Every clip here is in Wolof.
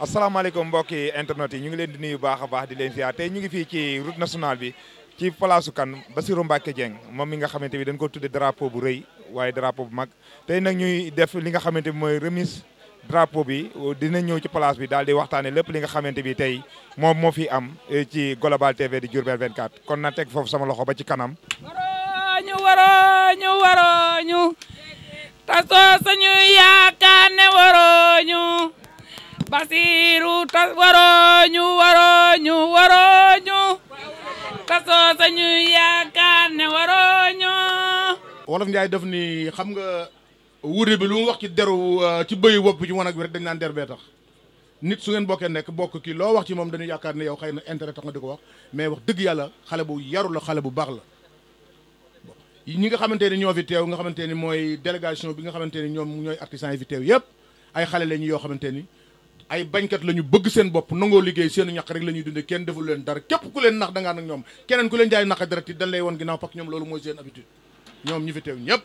assalamualaikum mbokki internet yi ñu ngi leen di nuyu baax a baax di leen ziar tay ñu ngi fi ci route nationale bi ci place kan Bassirou Mbacké jeng mom mi nga xamanteni dañ ko tuddé drapeau bu reuy waye drapeau bu mag tay nak ñuy def li nga xamanteni moy remise drapeau bi dina ñew ci place bi dal di waxtane lepp li nga xamanteni tay mom mo fi am e, ci Global TV di jurbel 24 kon na tek fofu sama loxo ba ci kanam warooñu warooñu warooñu tasoo ñu yaaka ne ñu basiru ta waroñu waroñu waroñu tasoo sañu yaakaar ne waroñu wolof Njaay def ni xam nga wuure bi lu mu wax ci deru euh, ci bëyu bopp ci wanag bi rek dañ naan der bee tax nit su ngeen bokkee nekk bokk kii loo wax ci moom dañu yaakaar ne yow xay na intérêt tax nga di ko wax mais wax dëgg yàlla xale bu yaru la xale bu baax la ñi nga xamante ni ñoo fi teew nga xamante ni mooy délégation bi nga xamante ni ñoom ñooy artisans yi fi teew yëpp ay xale lañ yoo xamante ni ay bañkat lañu ñu bëgg seen bopp nangoo liggéey seenu ñaq rek la ñuy dunde kenn defalu leen dara képp ku leen nax dangaa nag ñoom keneen ku leen jaay naqa dara ti dañ lay woon ginnaaw parce que ñoom loolu mooy seen habitude ñoom ñi fi teew ñëpp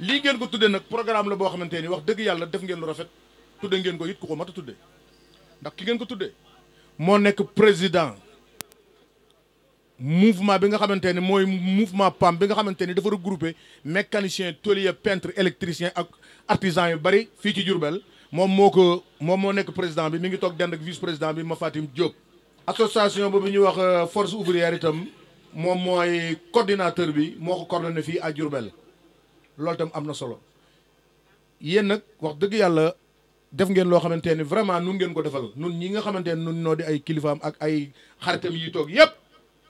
lii ngeen ko tuddee nag programme la boo xamante ni wax dëgg yàlla def ngeen lu rafet tudde ngeen ko it ku ko mat a tudde ndax ki ngeen ko tudde moo nekk président mouvement bi nga xamante ne mooy mouvement PAM bi nga xamante ni dafa regroupé mécanicien tôlier peintre électricien ak artisan yu bari fii ci Diourbel moom moo ko moom moo nekk président bi mi ngi toog dend ak vice président bi Mafatim Diop. association boobu ñuy wax euh, force ouvrière itam moom mooy coordinateur bi moo ko coordonné fii à Diourbel loolu itam am na solo yéen nag wax dëgg yàlla def ngeen loo xamante ne vraiment nun ngeen ko defal nun ñi nga xamante ne nun noo di ay kilifaam ak ay xaritam yi toog yépp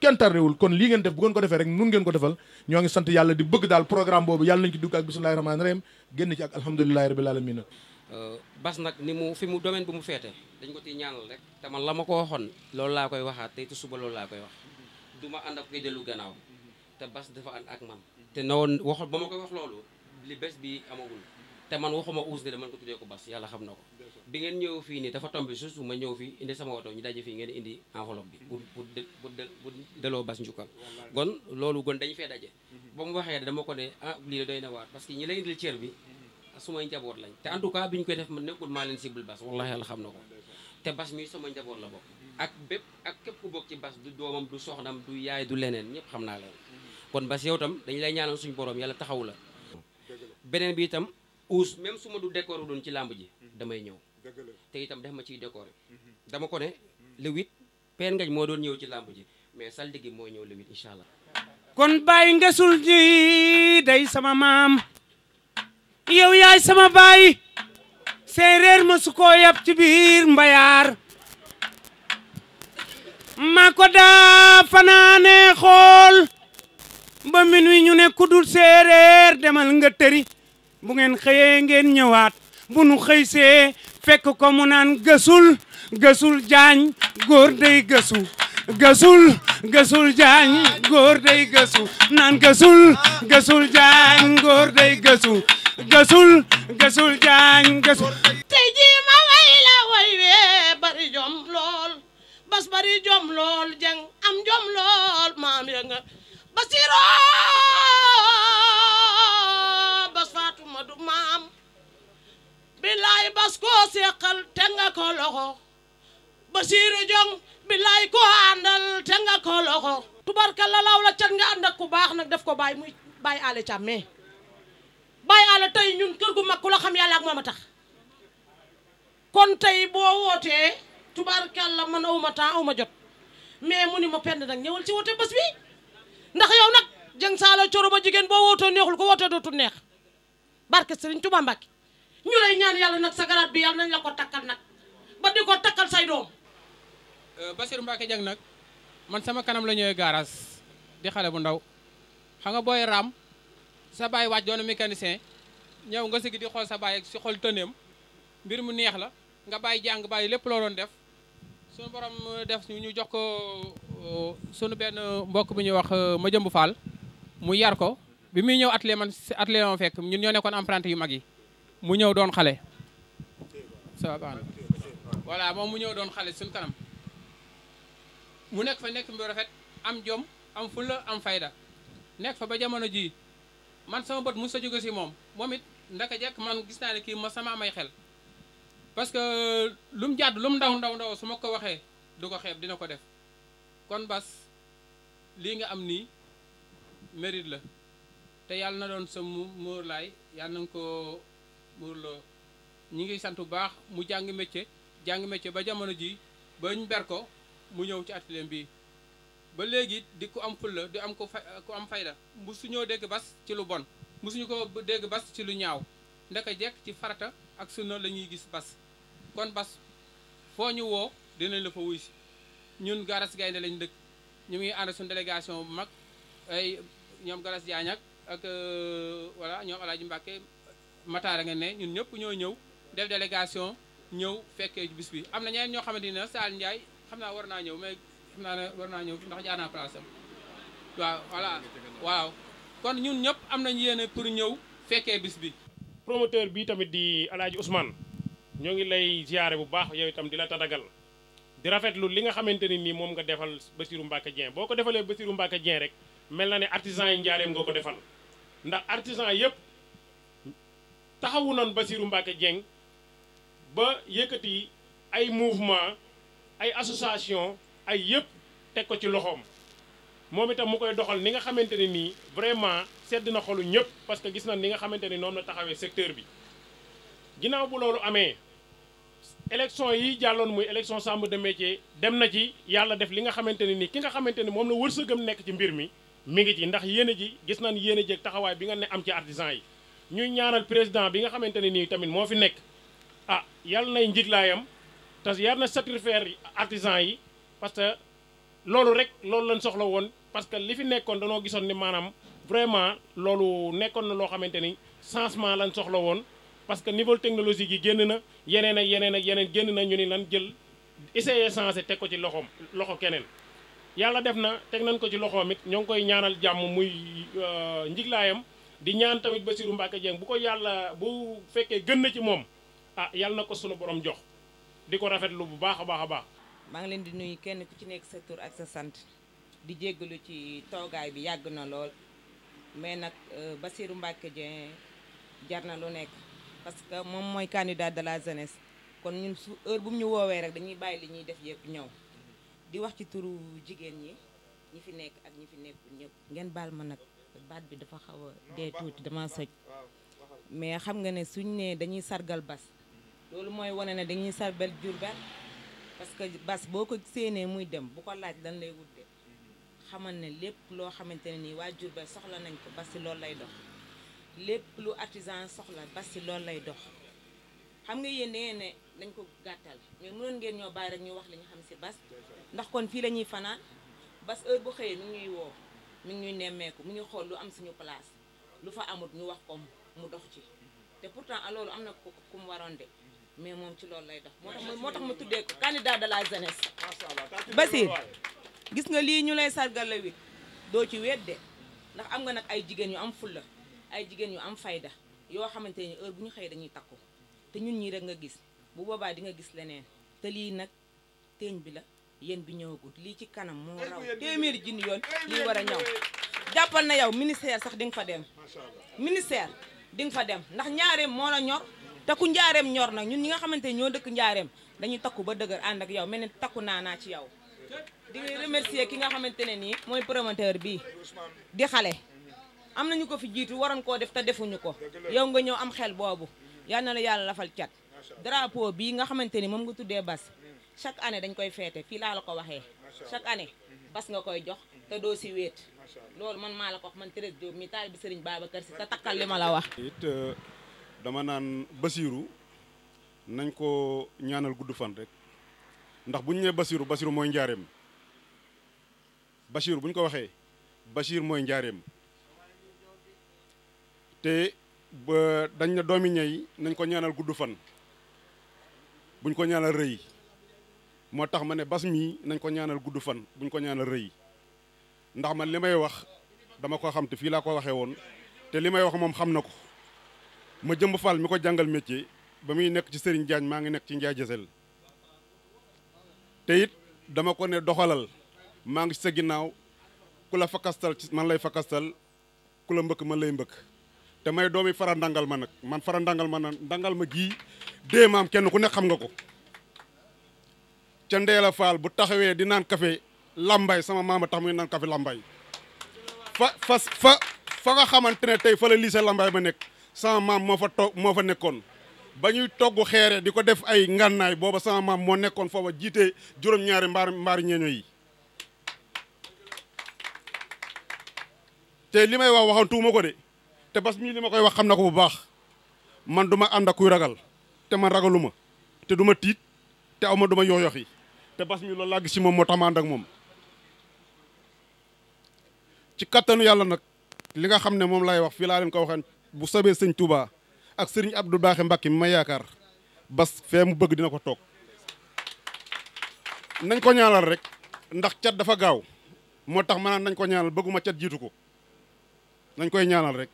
kenn tardewul kon lii ngeen def bu ngeen ko defee rek nun ngeen ko defal ñoo ngi sant yàlla di bëgg daal programme boobu yàlla nañ ci dugg ak bismillahi rahmaani rahim génn ci ak Euh, bas nag ni mu fi mu domaine bu mu feete dañ ko ciy ñaanal rek te man la ma ko waxoon loolu laa koy waxaat tey te suba loolu laa koy wax du ma ànd ak dellu gannaaw te bas dafa ànd ak man te na woon ba ma koy wax loolu li bés bi amagul te man waxuma uus de man ko tuddee yàlla xam na ko bi ngeen ñëw fii nii dafa tombé juste ma ñëw fii indi sama woto ñu daje fii ngeen indi enveloppe bi pour pour pour pour deloo bas njukkal kon loolu kon dañu fee daje mhm. ba mu waxee da dama ko ne ah lii doy na waar parce que ñi lay indil cër bi suma njabot lañ te en tout cas biñ koy def man nekkul ma leen sibul bas wallahi al xam na ko te bas mi suma njabot la bok ak bép ak képp ku bok ci bas du domam du soxnam du yaay du leneen ñepp xamna naa leen kon bas yow tam dañ lay ñaanal suñu borom yalla taxaw la benen bi tam ous même suma du décor doon ci lamb ji damay ñew te itam def ma ci décor dama ko né le 8 pen ngañ mo doon ñew ci lamb ji mais sal digi mo ñew le 8 inshallah kon bàyyi ngesul ji day sama mam yow yaay sama baay séeréer ma su ko yab ci biir mbayaar maa ko daa fanaane xool ba min wi ñu ne kudul séeréer demal nga tëri bu ngeen xëyee ngeen ñëwaat bu nu xëysee fekk ko mu naan gësul gësul jaañ góor day gësu gësul gësul jaañ góor day gësu naan gësul gësul jaañ góor day gësu gasul gasul jaañ gasul te jii ma way la bari jom lool bas bari jom lool jeng am jom lool maam ya nga basiro bas faatuma du maam bilaay bas koo seqal te ko loxo basiru jong bilaay koo àndal te ko loxo tubarka la la cat nga ànd ku baax nag def ko bàyyi muy bàyyi ale càmmee bàyyi àlla tey ñun kër gu mag ku la xam yàlla ak moom a tax kon tey boo wootee tubaar la man awma temps awma jot mais mu ni ma pend nag ñëwal ci woote bés bi ndax yow nag jëng saalo coro ba jigéen boo wootoo neexul ko wootee dootul neex barke Sëriñ Tuubaa Mbàkke ñu lay ñaan yàlla nag sa garaat bi yàlla nañ la ko takkal nag ba di ko takkal say doom euh, Basiru Mbàkke jang nag man sama kanam la ñëwee gaaraas di xale bu ndaw xam nga booy raam sa baay waaj doon mécanicien ñëw nga sigi di xool sa baay si xool tëneem mbir mu neex la nga bàyyi jàng bàyyi lépp loo doon def suñu borom def ñu jox ko uh, suñu benn mbokk bu ñuy wax uh, ma jëmb faal mu yar ko bi muy ñëw atelier man atelier man fekk ñun ñoo nekkoon apprenti yu mag yi mu ñëw doon xale ça va voilà moom mu ñëw doon xale suñu kanam mu nekk fa nekk mu rafet am jom am fulla am fayda nekk fa ba jamono ji man sama bët mu sa jóge si moom moom it ndaka jekk man gis naa ne kii ma sama may xel parce que lu mu jàdd lum mu ndaw ndaw ndaw su ma ko waxee du ko xeeb dina ko def kon bas lii nga am nii merit la te yàlla na doon sa muur laay yàlla na ko muur ñu ngi sant bu baax mu jàng métier jàng métier ba jamono ji bañ ber ko mu ñëw ci atelier bi ba léegi di ku am fulla di am ko fa ku am fayda musuñoo dégg bas ci lu bon musuñu ko dégg bas ci lu ñaaw ndaka jekk ci farata ak sunna la ñuy gis bas kon bas foo ñu woo dinañ la fa wuy si ñun garas gaynde lañ dëkk ñu ngi ànd suñu délégation bu mag ay ñoom garas jaañ ak ak euh, voilà ñoom alaaji Mbàkke a nga ne ñun ñëpp ñoo ñëw def délégation ñëw fekkee bis bi am na ñeneen ñoo xamante ne Saal Njaay xam naa war naa ñëw mais xam naa ne war naa ñëw ndax jaar naa place waaw voilà waaw kon ñun ñëpp am nañ yéene pour ñëw fekkee bis bi promoteur bi tamit di alaaji Ousmane ñoo ngi lay ziyaare bu baax yooyu tam di la tatagal di rafetlu li nga xamante ni nii moom nga defal Bassirou Mbacké Dieng boo ko defalee Bassirou Mbacké Dieng rek mel na ne artisan yi njaareem nga ko defal ndax artisan yëpp taxawu noon Bassirou Mbacké Dieng ba yëkkati ay mouvement ay association ay yëpp teg ko ci loxoom moom itam mu koy doxal ni nga xamante ne nii vraiment sedd na xolu ñëpp parce que gis na ni nga xamante ni noonu la taxawee secteur bi ginnaaw bu loolu amee élection yi jàlloon muy élection chambre de métier dem na ci yàlla def li nga xamante ne nii ki nga xamante ni moom la wërsëgam nekk ci mbir mi mi ngi ci ndax yéene ji gis nañ yéene ji ak taxawaay bi nga ne am ci artisan yi ñuy ñaanal président bi nga xamante ne nii tamit moo fi nekk ah yàlla nay njiglaayam te yar na satisfaire artisan yi parce que loolu rek loolu lañ soxla woon parce que li fi nekkoon danoo gisoon ni maanaam vraiment loolu nekkoon na loo xamante ni changement lañ soxla woon parce que niveau technologique yi génn na yeneen ak yeneen ak yeneen génn na ñu ni lan jël essayer changé teg ko ci loxoom loxo keneen yàlla def na teg nañ ko ci loxoom it ñoo ngi koy ñaanal jàmm muy euh, njiglaayam di ñaan tamit ba Bassirou Mbacké Dieng bu ko yàlla bu fekkee gën na ci moom ah yàlla na ko sunu borom jox di ko rafetlu bu baax a baax a maa ngi leen di nuyu kenn ku ci nekk sa tur ak sa sant di jéggalu ci toogaay bi yàgg na lool mais nag euh, Bassirou Mbacké Dieng jar na lu nekk parce que moom mooy candidat de la jeunesse kon ñun su heure bu ñu woowee rek dañuy bàyyi li ñuy def yëpp ñëw di wax ci turu jigéen ñi ñi fi nekk ak ñi fi nekk ñëpp ngeen baal ma nag baat bi dafa xaw a dee tuuti dama soj mais xam nga ne suñ ne dañuy sargal Bass loolu mooy wane ne dañuy sargal Diourbel parce que bas boo ko séenee muy dem bu ko laaj lan lay wut de xamal ne lépp loo xamante ne nii waa jur ba soxla nañ ko basi loolu lay dox lépp lu artisan soxla basi loolu lay dox xam nga yéen da ngeen ne dañ ko gàttal mu mënoon ngeen ñoo bàyyi rek ñu wax li ñu xam si bas ndax kon fii la ñuy fanaan bas heure bu xëyee mi ngi ñuy woo mi ngi ñuy nemmeeku mu ngi xool lu am suñu place lu fa amut ñu wax ko mu dox ci te pourtant a loolu am na ku mu waroon de mais moom ci loolu lay dox moo tax moo tax ma tuddee ko candidat de la jeunesse. Basir gis nga lii ñu lay sargal la wit doo ci wedde ndax am nga nag ay jigéen yu am fulla ay jigéen yu am fayda yo xamante ni heure bu ñu xëyee dañuy takku te ñun ñii rek nga gis bu boobaa di nga gis leneen te lii nag teeñ bi la yéen bi ñëwagul lii ci kanam moo raw téeméeri junni yoon lii war a ñëw na yow ministère sax di nga fa dem ministère di nga fa dem ndax ñaare la ñor te njaareem ñor nag ñun ñi nga xamante ñoo dëkk njaareem dañuy takku ba dëgër ànd ak yow mel ne takku naa naa ci yow di remercier ki nga xamante ne nii mooy promoteur bii di xale am nañu ko fi jiitu waroon koo def te defuñu ko yow nga ñëw am xel boobu yal na la yàlla lafal cat drapeau bii nga xamante ni moom nga tuddee bas chaque année dañ koy feete fii laa la ko waxee chaque année bas nga koy jox te doo si wéet loolu man maa la ko man Thérèse Diop mi taal bi baaba Babacar si te takkal li ma la wax. Euh, dama naan Basiiru nañ koo ñaanal gudd fan rek ndax bu ñu nee Basiiru Basiiru mooy njaareem Basiiru bu ko waxee Basiir mooy njaareem te dañ na doomi ñey nañ ko ñaanal gudd fan buñ ko ñaanal rëy moo tax ma ne bas mii nañ ko ñaanal gudd fan buñ ko ñaanal rëy ndax man li may wax dama ko xam te fii laa ko waxee woon te li may wax moom xam na ko ma jëmb Fall mi ko jàngal métier ba muy nekk ci Serigne Diagne maa ngi nekk ci Ndiaye Jësel it dama ko ne doxalal maa ngi sa ginnaaw ku la fakastal ci man lay fakastal ku la mbëkk man lay mbëkk te may doomi fara ndangal ma nag man fara ndangal ma nag ndangal ma gii dee maam kenn ku nekk xam nga ko ca Ndeela Fall bu taxawee di naan café lambay sama maama tax muy naan café lambay fa fa fa fa nga xamante ne tey fa la lycée lambay ba nekk sama maam moo fa toog moo fa nekkoon ba ñuy togg xeere di ko def ay ngànnaay booba sama maam moo nekkoon foofa jiite juróom-ñaari mbaar mbaari ñeeño yi te li may wax waxoon tuuma ko de te bas mii li koy wax xam na ko bu baax man du ma ànd ak kuy ragal te man ragalu ma te duma tiit te aw ma du ma yooyox yi te bas mi lool laa gis si moom moo tax ma ànd moom ci kattanu yàlla nag li nga xam ne moom lay wax fii laa leen ko waxee bu sobee sëñ Touba ak sëriñ du Baaxe Mbacke mu ma yaakaar bas fee mu bëgg dina ko toog nañ ko ñaanal rek ndax cat dafa gaaw moo tax ma nañ ko ñaanal bëgguma cat jiitu ko nañ koy ñaanal rek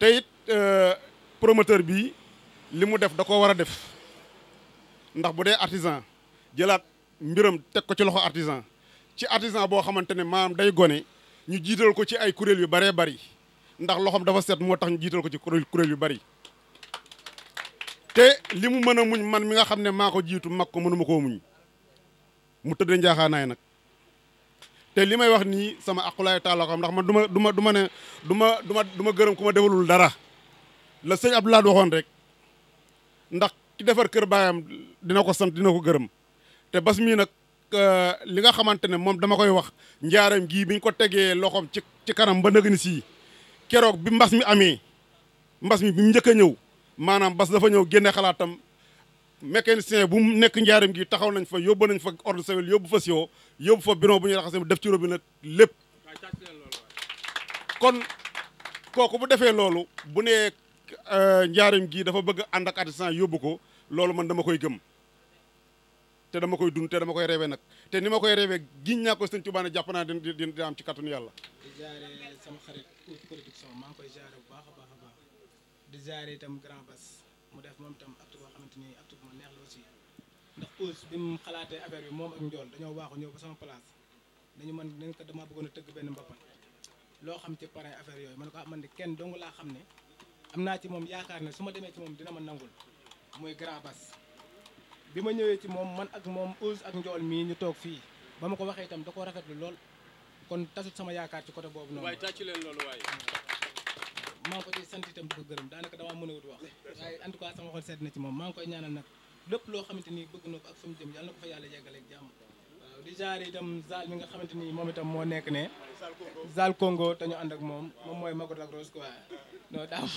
te it euh, promoteur bi li mu def da ko war a def ndax bu dee artisan jëlaat mbiram teg ko ci loxo artisan ci artisan boo xamante ne maanaam day gone ñu jiital ko ci ay kuréel yu baree bari ndax loxoom dafa set motax ñu jital ko ci kurel yu bari te limu mëna muñ man mi nga xamné ne jitu mako jiitu mag ko muñ mu tëddee nak te limay wax ni sama akulay ta ko xam ndax man duma ma duma duma ne duma duma duma ma kuma dara la seigne Abdoulaye waxon rek ndax ki defar kër bayam dina ko sant dina ko gëreem te bas mi nak euh, li nga xamantene ne dama koy wax ndiaram gi biñ ko tegee loxom ci ci kanam ba ni si geroog bi mbas mi amee mbas mi bi mu njëkk ñëw maanaam bas dafa ñëw génne xalaatam mécanicien bu nekk njaarim gi taxaw nañ fa yóbbu nañ fa ordre civil yóbbu fa siwo yóbbu fa bureau bu ñuy raxasee def ci robinet lépp kon kooku bu defee loolu bu nee euh, njaarim gi dafa bëgg ànd ak artisan yóbbu ko loolu man dama koy gëm te dama koy dund te dama koy rêvé nag te ni ma koy rêvé giñ ñaa ko sëñ Tuubaa ne jàpp naa dina dina am ci kàttanu yàlla. ziare itam grand bas mu def moom itam acte boo xamante ni acte bu ma neex la aussi ndax Ousse bi mu xalaatee affaire bi moom ak njool dañoo waaxu ñëw ba sama place dañu man dañ ko dama bëggoon a tëgg benn mbappat loo xam ci parrain affaire yooyu man ko ah, man de kenn dong laa xam ne am naa ci moom yaakaar ne su ma demee ci moom dina ma nangul muy grand bas bi ma ñëwee ci moom man ak moom Ousse ak njool mii ñu toog fii ba ma ko waxee itam da ko rafetlu lool kon tasut sama yaakaar ci côté boobu noonu. waaye tàcc leen loolu waaye. maa ngi ko ciy sant itam di ko gërëm daanaka damaa mën a wut wax waaye en tout cas sama xol seet na ci moom maa ngi koy ñaanal nag lépp loo xamante ni bëgg na ko ak fa mu jëm yàlla na ko fa yàlla yeggale ak jàmm waaw di mi nga xamante ni moom itam moo nekk ne zal Congo te ñu ànd ak moom moom mooy Mago Lac Rose quoi non daam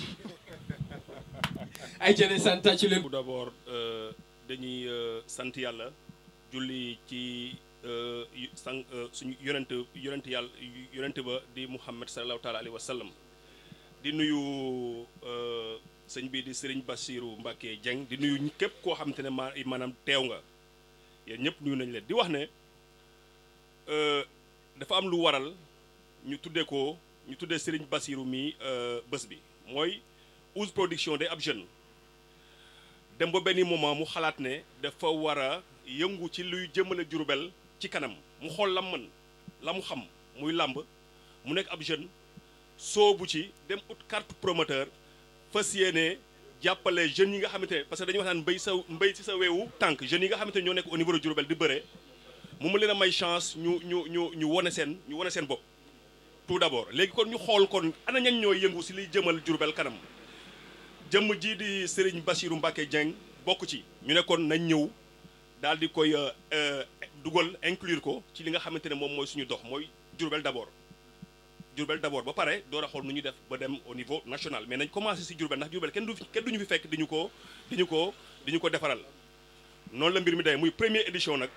ay jële santa ci leen tout d'abord euh, dañuy euh, sant yàlla julli ci euh, sang suñu yonent yonent yàlla yonent ba di Muhammad sallallahu taala alayhi wa sallam di nuyu euh, sëñ bii di sëriñ Bassirou Mbacké jeng di nuyu képp koo xam te ne ma maanaam teew nga yéen ñëpp nuyu nañ leen di wax ne euh, dafa am lu waral ñu tuddee ko ñu tuddee sëriñ Bassirou mi euh, bës bi mooy Ouz Production day ab jeune dem ba benni moment mu xalaat ne dafa war a yëngu ci luy jëmmale Diourbel ci kanam mu xool lam mën la mu xam muy làmb mu nekk ab jeune soobu ci dem ut carte promoteur fas yéene jàppale jeunes yi nga xamante ne parce que dañuy wax naan mbéy sa mbéy ci sa weewu tànk jeunes yi nga xamante ne ñoo nekk au niveau de Diourbel di bëre mu mu leen a may chance ñu ñu ñu ñu wane seen ñu wane seen bopp tout d'abord léegi kon ñu xool kon ana ñan ñooy yëngu si liy jëmal Diourbel kanam jëmm jii di Serigne Bassirou Mbacké Dieng bokk ci ñu ne kon nañ ñëw daal di koy euh, euh, dugal inclure ko ci li nga xamante ne moom mooy suñu dox mooy Diourbel d'abord Diourbel d'abord ba paré do ra xol nu ñu def ba dem au niveau national mais nañ commencé si Diourbel ndax Diourbel kenn du kenn duñu fi fekk diñu ko diñu ko diñu ko defaral noonu la mbir mi day muy première édition nak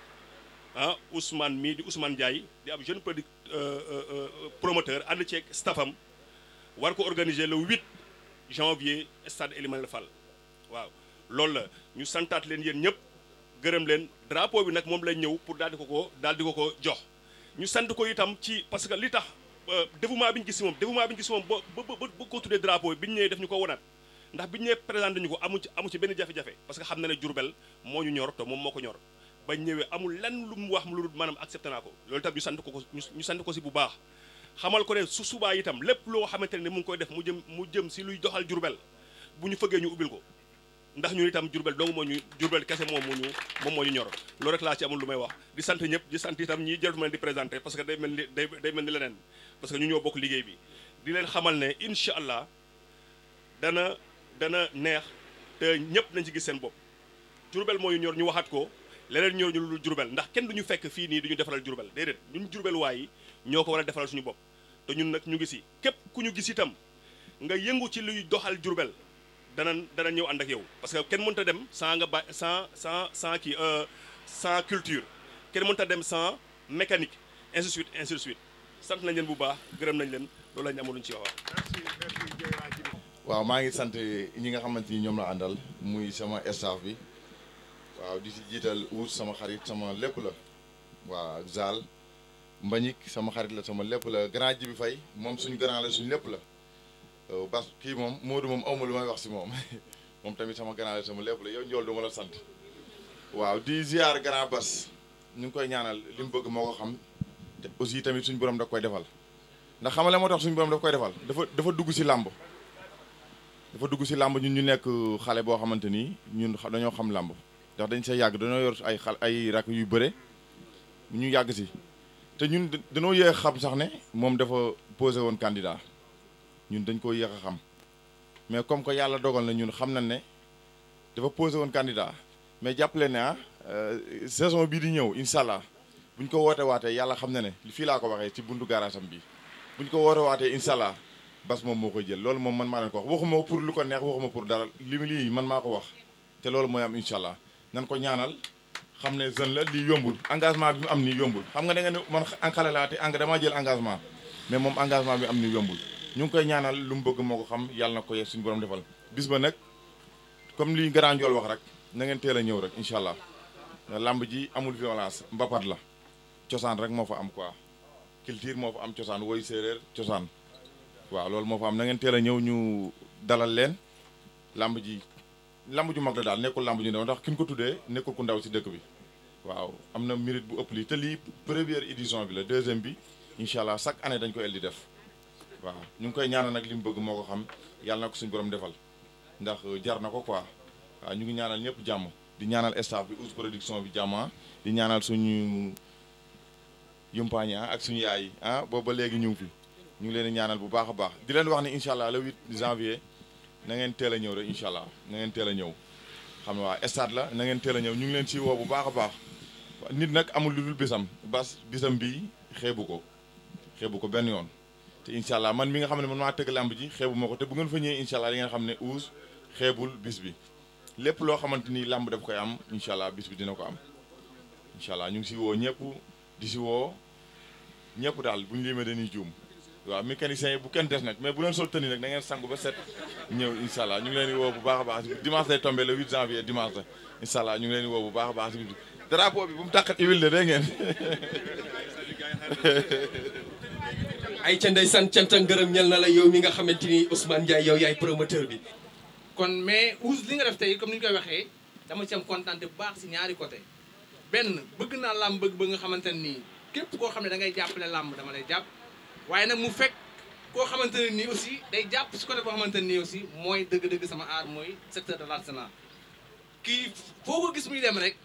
ah Ousmane mi di Ousmane Ndiaye di ab jeune product euh, euh, euh, promoteur ànd ceeg staffam war ko organiser le 8 janvier stade Elimane Fall waaw lool la ñu santat leen yeen ñep gërëm leen drapeau bi nak mom lañ ñëw pour dal di ko ko dal di ko ko jox ñu sant ko itam ci parce que li tax dévouement bi ñu gis si moom dévouement bi ñu gis si moom ba ba ba ko tuddee drapeau bi ñu ñëwee def ñu ko wanaat ndax bi ñu ñëwee présenté ñu ko amu ci amu ci benn jafe-jafe parce que xam na ne Diourbel moo ñu ñor te moom moo ko ñor ba ñëwee amul lan lu mu wax lu dul maanaam accepté naa ko loolu tam ñu sant ko ko ñu sant ko si bu baax xamal ko ne su subaa itam lépp loo xamante ne mu ngi koy def mu jëm mu jëm si luy doxal Diourbel bu ñu fëggee ñu ubbil ko ndax ñun itam jurbel dong moo ñu jurbel kese moom moo ñu moom moo ñu ñor loolu rek laa ci amul lu may wax di sant ñëpp di sant itam ñi jarut ma leen di présenté parce que day mel ni day day mel ni leneen parce que ñu ñoo bokk liggéey bi di leen xamal ne incha allah dana dana neex te ñëpp nañ ci gis seen bopp jurbel moo ñor ñu waxaat ko leneen ñor ñu lu jurbel ndax kenn du ñu fekk fii nii duñu defaral jurbel déedéet ñun jurbel waay yi ñoo ko war a defaral suñu bopp te ñun nag ñu ngi si képp ku ñu gis itam nga yëngu ci luy doxal jurbel danañ dana ñëw ànd ak yow parce que kenn mënut a dem sans nga ba sans sans sans kii euh, sans culture kenn mënut a dem sans mécanique ainsi de suite sant nañ leen bu baax gërëm nañ leen loolu la ñu amoon ci wax. waaw maa ngi sant ñi nga xamante ni ñoom la àndal muy sama staff bi waaw di si jiital wut sama xarit sama lépp la waaw Zal Mbagnick sama xarit la sama lépp la grand ji bi fay moom suñu grand la suñu lépp la. Euh, parce que kii moom Modou moom awma lu may wax si moom moom tamit sama grand la sama lépp la yow njool duma la sant waaw di ziar grand Bass ñu ngi koy ñaanal li mu bëgg moo ko xam te aussi tamit suñu borom daf koy defal ndax xamale moo tax suñu borom daf koy defal dafa dafa dugg si làmb dafa dugg si làmb ñun ñu nekk xale boo xamante ni ñun dañoo xam làmb ndax dañ see yàgg dañoo yor ay xal ay rak yu bëre ñu yàgg si te ñun dañoo xam sax ne moom dafa posé woon candidat ñun dañ ko yéex a xam mais comme que yàlla dogal na ñun xam na ne dafa posé woon candidat mais jàppale ne ah euh, saison bii di ñëw incha allah bu ñu ko woote waatee yàlla xam ne ne fii laa ko waxee ci buntu garage bi bu ñu ko woote waatee incha allah bas moom moo koy jël loolu moom man maa leen ko wax waxuma pour lu ko neex waxuma pour dara li lii man maa ko wax te loolu mooy am incha allah nan ko ñaanal xam ne jeune la lii yombul engagement bi mu am nii yombul xam nga da nga ne man xale laa te jël engagement mais moom engagement bi am nii yombul ñu ngi koy ñaanal lu mu bëgg moo ko xam yàlla na ko yeeg suñu borom defal bis ba nag comme lii Grand Ndiol wax rek nangeen ngeen a ñëw rek incha allah làmb ji amul violence mbapat la cosaan rek moo fa am quoi culture moo fa am cosaan woy séeréer cosaan waaw loolu moo fa am na ngeen teel a ñëw ñu dalal leen làmb ji làmb ju mag la daal nekkul làmb ju ndaw ndax kin ko tuddee nekkul ku ndaw si dëkk bi waaw am na mérite bu ëpp lii te lii première édition bi la deuxième bi incha allah chaque année dañ ko di def waaw ñu ngi koy ñaanal nag li mu bëgg moo ko xam yàlla na ko suñu borom defal ndax euh, jar na ko quoi waaw ñu ngi ñaanal ñëpp jàmm di ñaanal staff bi Oussou production bi jàmma ah. di ñaanal suñu yumpaañ ah, ak suñu yaay ah boobu ba léegi ñu fi ñu ngi leen di ñaanal bu baax a baax di leen wax ni incha allah le 8 janvier na ngeen teel a ñëw rek incha allah na ngeen teel a ñëw xam nga waa stade la na ngeen teel a ñëw ñu ngi leen ci woo bu baax a baax nit nag amul lu dul bisam bas bisam bii xeebu ko xeebu ko benn yoon. te incha allah man mi nga xam ne man maa tëgg làmb ji xeebu moo ko te bu ngeen fa ñëwee incha allah ngeen xam ne uus xeebul bis bi lépp loo xamante ni làmb daf koy am incha allah bis bi dina ko am incha ñu ngi si woo ñëpp di si woo daal bu ñu limee dañuy juum waaw mécanicien yi bu kenn des nag mais bu leen sol tëni ngeen sangu ba set ñëw incha ngi leen di bu baax baax dimanche lay tombé le 8 janvier dimanche la incha allah ñu ngi leen di bu baax a baax drapeau bi bu mu tàqat huile de dégg ngeen ay ci ndaysan ci tan ngërëm ñel na la yow mi nga xamanteni Ousmane Ndiaye yow yaay promoteur bi. kon mais ous li nga def tay comme ni ñu koy waxee dama ci am contente bu baax ci ñaari côté ben bëgg na lamb bëgg ba nga xamanteni képp ko xamné da ngay jappalé lamb dama lay japp waaye nak mu fekk ko xamanteni ni aussi day japp ci côté bo xamanteni aussi moy deug deug sama art moy secteur de l'artisanat ki foo ko gis muy dem rek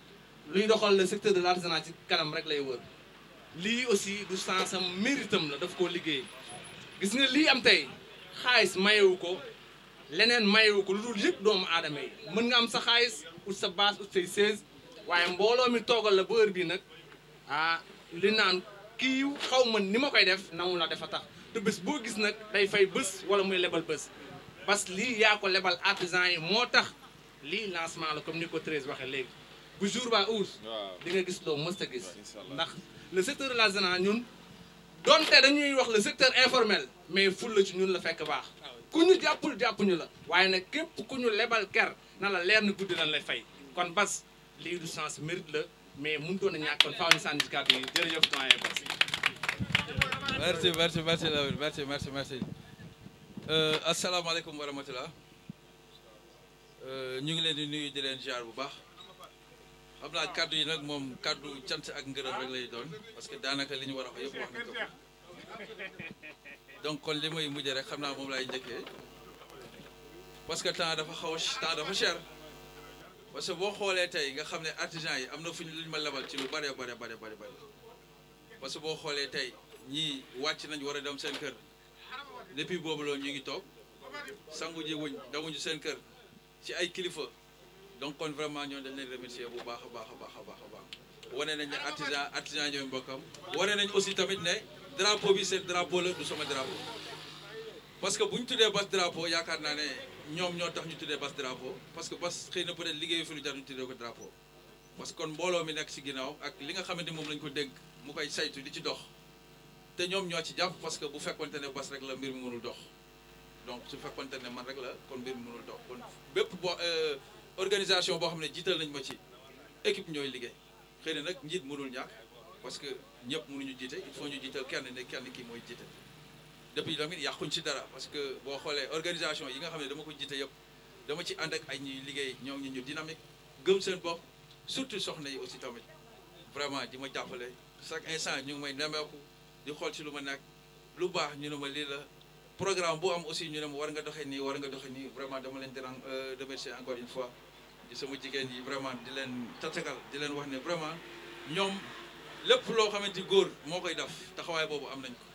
luy doxal le secteur de l'artisanat ci kanam rek lay wër. lii aussi du sens am méritam la daf koo liggéey gis nga lii am tey xaalis mayewu ko leneen mayewu ko lu dul yëpp doomu aadama yi mën nga am sa xaalis ut sa base ut say seize waaye mbooloo mi toogal la ba heure bii nag ah li naan kii xaw ma ni ma koy def nangu la dafa tax te bés boo gis nag day fay bés wala muy lebal bés parce que lii yaa ko lebal artisan yi moo tax lii lancement la comme ni ko Thérèse waxee léegi bu jour baa ours di nga gis loo mës a gis ndax le secteur de la l'artisanat ñun donté dañuy wax le secteur informel mais fulla ci ñun la fekk baax ah ku ñu jappul jàpp ñu la waaye nak képp ku ñu lebal ker na la leer na guddi lan lay fay kon bas li du sens mérite la mais mun doona ñak kon faawu ñu sànni ci kàddu yi jërëjëf doyen Bas. merci merci merci Lamine merci merci merci euh, asalaamaaleykum wa euh ñu ngi leen di nuyu di leen jaar bu baax. xam naa kàddu yi nag moom kàddu cant ak ngërëm rek lay doon parce que daanaka li ñu war a wax yëpp wax nañ ko donc kon li may mujj rek xam naa moom laay njëkkee parce que temps dafa xaw temps dafa cher parce que boo xoolee tey nga xam ne artisan yi am na fu ñu luñ ma lebal ci lu bare bare bare bare bare parce que boo xoolee tey ñii wàcc nañ war a dem seen kër depuis boobu loolu ñu ngi toog sangu ji wuñ demuñu seen kër ci ay kilifa donc kon vraiment ñooñu dañ leen remercier bu baax a baax a baax a baax wane nañ ne artisan artisan ñooy mbokkam wane nañ aussi tamit ne drapo bi seen drapeau la du sama drapeau parce que bu ñu tuddee bas drapo yaakaar naa ne ñoom ñoo tax ñu tuddee bas drapeau parce que bas xëy na peut être liggéeyu fi lu jar ñu tuddee ko drapeau parce que kon mbooloo mi nekk ci ginnaaw ak li nga xamante moom lañ ko dégg mu koy saytu di ci dox te ñoom ñoo ci jàpp parce que bu fekkonte ne bas rek la mbir mi mënul dox donc su fekkonte ne man rek la kon mbir mënul dox kon bépp bo euh, organisation boo xam ne jiital nañ ma ci équipe ñooy liggéey xëy na nag njiit mënul ñàkk parce que ñëpp mënuñu jiite il faut ñu jiital kenn ne kenn kii mooy jiite depuis tamit yàquñ ci dara parce que boo xoolee organisation yi nga xam ne dama ko jiite yëpp dama ci ànd ak ay ñuy liggéey ñoo ñu ñu dynamique gëm seen bopp surtout soxna yi aussi tamit vraiment di ma jàppale chaque instant ñu ngi may nemmeeku di xool ci lu ma nekk lu baax ñu ne ma lii la programme bu am aussi ñu ne war nga doxee nii war nga doxee nii vraiment dama leen di euh, remercier encore une fois di sama jigéen yi vraiment di leen tatagal di leen wax ne vraiment ñoom lépp loo xamante góor moo koy def taxawaay boobu am nañ ko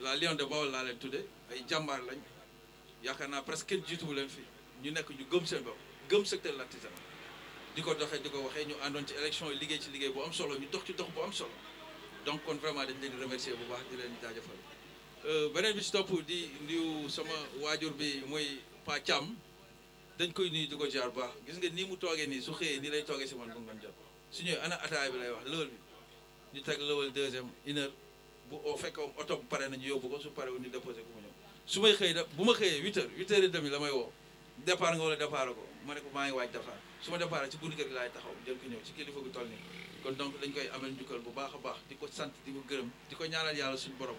la Lion de Baol laa leen tudde ay jàmbaar lañ yaakaar naa presque kenn jiituwu leen fii ñu nekk ñu gëm seen bopp gëm secteur l'artisanat di ko doxee di ko waxee ñu àndoon ci élection yi liggéey ci liggéey bu am solo ñu dox ci dox bu am solo donc kon vraiment dañ leen di bu baax di leen jaajëfal Euh, beneen bi ci topp di ndiw sama waajur bi mooy Pa Thiam dañ koy nuyu di ko jaar baax gis nga nii mu toogee nii su xëyee nii lay toogee si man bu ngoon jot su ñëwee ana ataay bi lay wax lëwal bi ñu teg lëwal deuxième une heure bu oo oh, fekkoon oto bu pare nañu yóbbu ko su pare wu ñu déposé ko mu ñëw su may xëy da bu ma xëyee huit heures huit heures demi la may woo départ nga wala départ ko ma ne ko maa ngi waaj départ su ma départ ci bunt kër gi laay taxaw jël ko ñëw ci kilifa gu toll nii kon donc dañ koy amal njukkal bu baax a baax di ko sant di gërëm di ko ñaanal yàlla suñu borom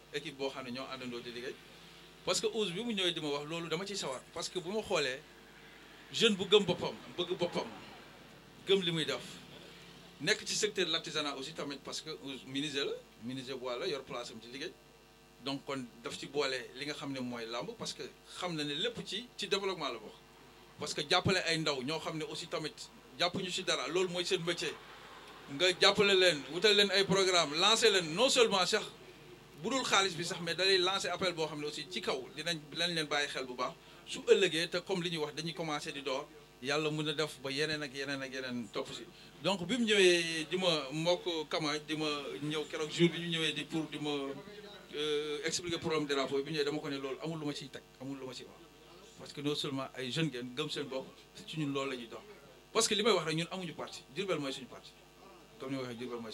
équipe qui xamné ne ñoo àndandoo di liggéey parce que bi mu dima wax lolu dama parce que bu jeune bu bëgg def ci secteur l'artisanat parce que yor place donc kon daf ci bolé li nga xamné moy lamb parce que xam na ci ci développement parce que ay ndaw ñoo aussi tamit ci dara seen nga wutal ay programme lancer non seulement bu dul xaalis bi sax mais dalay lancer appel boo xam ne aussi ci kaw dinañ dinañ leen bàyyi xel bu baax su ëllëgee te comme li ñuy wax dañuy commencé di door yàlla mun a def ba yeneen ak yeneen ak yeneen topp si donc bi mu ñëwee di ma mbokk kama di ma ñëw keroog jour bi ñu ñëwee di pour di ma euh, expliquer problème de rapport bi ñëwee dama ko ne loolu amul lu ma ciy teg amul lu ma ciy wax parce que non seulement ay jeunes ngeen gëm seen bopp ci ñun loolu la ñuy dox parce que li wax rek ñun amuñu parti Diourbel mooy suñu parti comme ni ma waxee Diourbel mooy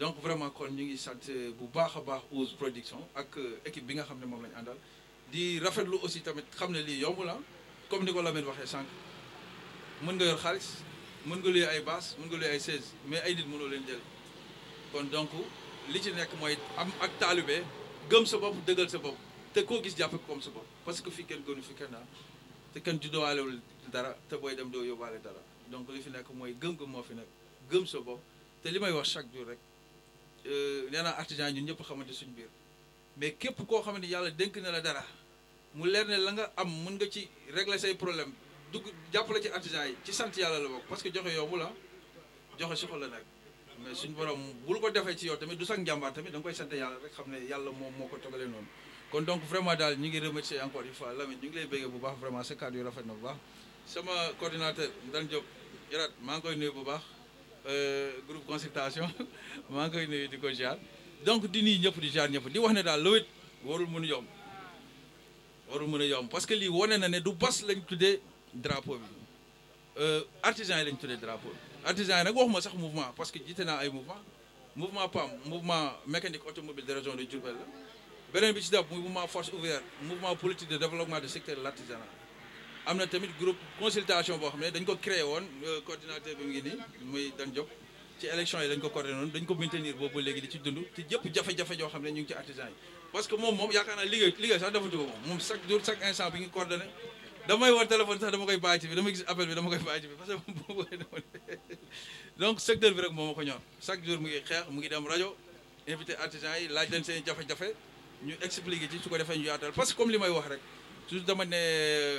donc vraiment kon ñu ngi sant bu baax a baax aux production ak euh, équipe bi nga xam ne moom lañu àndal di rafetlu aussi tamit xam ne lii yomb la comme ni ko Lamine waxee sànq mën nga yor xaalis mën nga luy ay baas mën nga luy ay 16 mais ay nit mënoo leen jël kon donc li ci nekk mooy am ak taalibe gëm sa bopp dëggal sa bopp te koo gis jàpp comme sa bopp parce que fi kenn gënu fi kenn ah te kenn du doowaalewul dara te booy dem doo yóbbaale dara donc li fi nekk mooy gëm-gëm moo fi nekk gëm sa bopp te li may wax chaque jour rek Euh, nee naa artisan ñun ñëpp xamante suñ biir mais képp koo xamante yàlla dénk na la dara mu leer ne la nga am mën nga ci régler say problème jàpp la ci artisan yi ci sant yàlla la bokk parce que joxe yombu la ah. joxe soxla la nag mais suñ borom bul ko defee ci yow tamit du sax njàmbaar tamit da nga koy sant yàlla rek xam ne yàlla moom moo ko togalee noonu kon donc vraiment daal ñu ngi remercier encore une fois Lamine ñu ngi lay béggee bu baax vraiment sa kàddu yu rafet sama coordinateur Ndane Diop maa ngi koy nuyu bu baax Euh, groupe consultation maa ngi koy nuyu di ko donc di nuyu ñëpp di jaar ñëpp di wax ne daal lowit warul mën a warul mën a parce que li gens na ne du bas lañ tuddee drapeau bi euh, artisans yi lañ de drapeau bi artisans yi nag waxuma sax mouvement parce que jiite naa ay mouvement mouvement PAM mouvement mécanique automobile de région de Diourbel la beneen bi ci def mouvement force ouvrière mouvement politique de développement du secteur de l'artisanat amna tamit groupe consultation bo xamné dañ ko créé woon euh, coordinateur bi ngi ni muy Dan Diop ci élection yi dañ ko coordonné woon dañ ko maintenir bo léegi di ci dund ci jëpp jafé jafé jo xamné ñu ci artisan yi parce que mom mom yaakaar naa liggéey liggéey sax defatu ko mom chaque jour chaque instant bi ngi coordonné damay woo téléphone sax dama koy bàyyi ci bi dama gis appel bi dama koy bàyyi ci bi parce que moom donc secteur bi rek mom ko ñor chaque jour mu ngi xeex mu ngi dem radio invité artisan yi laaj leen seen jafé jafé ñu expliquer ci su ko defee ñu yaatal parce que comme limay wax rek toujours dama né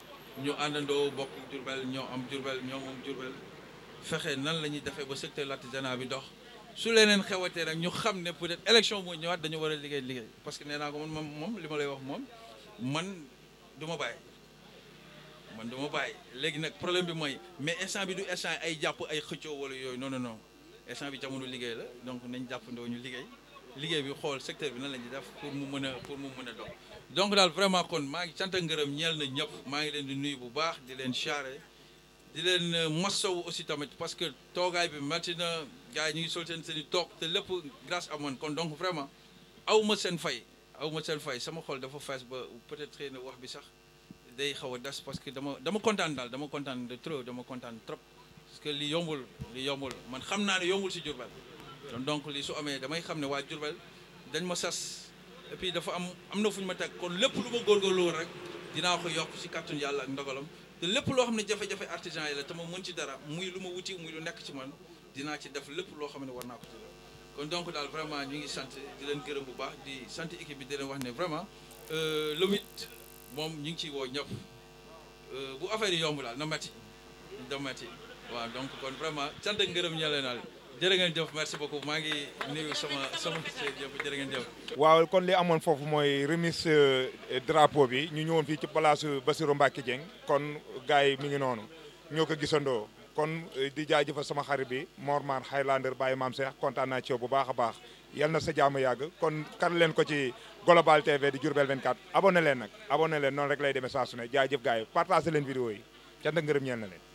ñu àndandoo bokk Diourbel ñoo am Diourbel ñoo moom Diourbel fexe nan la ñuy defee ba secteur l'artisanat bi dox su leneen xewatee nag ñu xam ne peut-être élection moo ñëwaat dañu war a liggéey liggéey parce que nee naa ko moom li ma lay wax moom man du ma bàyyi man du ma léegi nag problème bi mooy mais instant bi du instant ay jàpp ay xëccoo wala yooyu non non non instant bi jamono liggéey la donc nañ jàppandoo ñu liggéey liggéey bi xool secteur bi nan la ñuy def pour mu mën a pour mu mën a dox donc daal vraiment kon maa ngi sant ngërëm ñeel na ñëpp maa ngi leen di nuyu bu baax di leen charré di leen euh, masawu aussi tamit parce que toogaay bi metti na gars ñu ngi sol seen seen i toog te lépp grâce à man kon donc vraiment aw ma seen fay aw ma seen fay sama xol dafa fees ba peut-être xëy na wax bi sax day xaw a des parce que dama dama kontaan daal dama kontaan de trop dama kontaan trop parce que li yombul li yombul man xam naa ne yombul si Diourbel donc li su amee damay xam ne waa Diourbel dañ ma sas. et dafa am am na fu ñu ma teg kon lépp lu ma góorgóorlu woon rek dinaa ko yokk ci kàttun yàlla ak ndogalam te lépp loo xam ne jafe-jafe artisan yi la te ma mën ci dara muy lu ma wuti muy lu nekk ci man dinaa ci def lépp loo xam ne war naa ko ci kon donc daal vraiment ñu ngi sant di leen gërëm bu baax di sant équipe bi di leen wax ne vraiment euh, Lomit moom ñu ngi ciy woo ñëpp euh, bu affaire yi yomb daal na metti da metti waaw donc kon vraiment sant ak ngërëm ña leen jërë ngeen jëf merci beaucoup maa ngi nuyu sama sama jëf jërë jëf. waaw kon li amoon foofu mooy remise euh, drapeau bi ñu ñëwoon fii ci place Bassirou mbaki Dieng kon gars yi mi ngi noonu ñoo ko gisandoo kon euh, di jaajëfal sama xarit bi Mor Mar Highlander Baye Maam Cheikh kontaan naa ci yow bu baax a baax yal na sa jaamu yàgg kon kar leen ko ci Global TV di Diourbel 24 abonné leen nag abonné leen noonu rek lay demee saa su ne jaajëf gars leen vidéo yi ca ngërëm ñeel na leen.